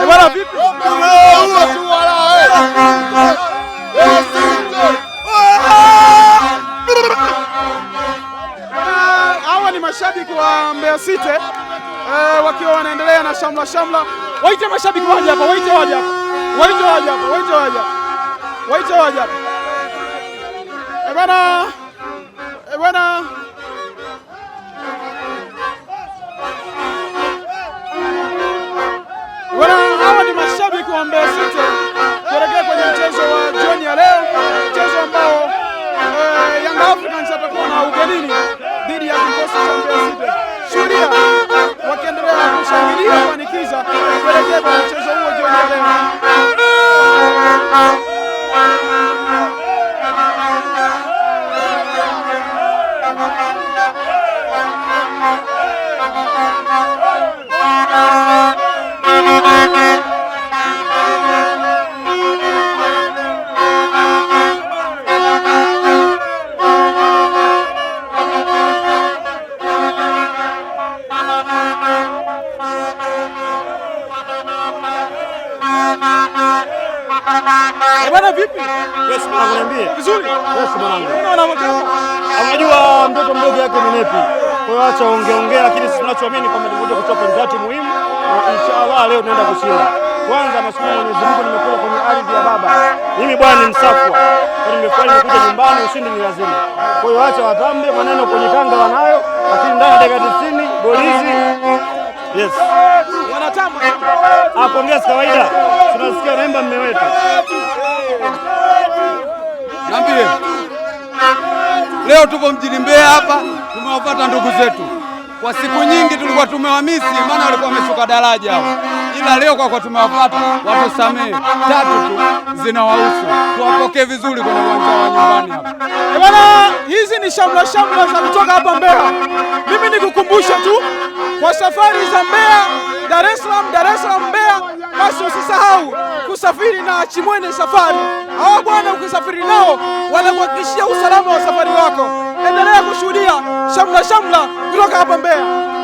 Eh, Hawa ni mashabiki wa Mbeya City eh, wakiwa wanaendelea na shamla shamla. Waite mashabiki waje hapa, waite waje hapa, waite waje hapa, waite waje hapa, waite waje hapa. Eh bwana, eh bwana Bwana vipi? Yes, nakwambia. Vizuri. Yes, mwanangu. Unajua mtoto mdogo yake ni nepi. Kwa hiyo acha ongea ongea, lakini sisi tunachoamini kwamba tumekuja kutoa pointi muhimu na inshallah leo tunaenda kushinda. Kwanza nashukuru Mwenyezi Mungu nimekuja kwenye ardhi ya baba. Mimi bwana ni msafwa. Kwa nimekuwa nimekuja nyumbani ushindi ni lazima. Kwa hiyo acha watambe maneno kwenye kanga wanayo, lakini ndani ya dakika 90 goli hizi. Yes. Wanatamba. Ah, pongezi kawaida, tunasikia naimba mme wetu nambie. Leo tupo mjini Mbeya hapa, tumewapata ndugu zetu. Kwa siku nyingi tulikuwa tumewamisi, maana walikuwa wameshuka daraja ila leo kwa kwa tumewapata, watusamehe. Tatu tu zinawahusu, tuwapokee vizuri kwenye uwanja wa nyumbani hapa eh, bwana. Hizi ni shamla shamla za kutoka hapa Mbeya. Mimi nikukumbushe tu kwa safari za Mbeya, Dar es Salaam, Dar es Salaam, Mbeya basi usisahau kusafiri na Chimwene Safari. Hawa bwana, ukisafiri nao wanakuhakikishia usalama wa safari wako. Endelea kushuhudia shamla shamla kutoka hapa Mbeya.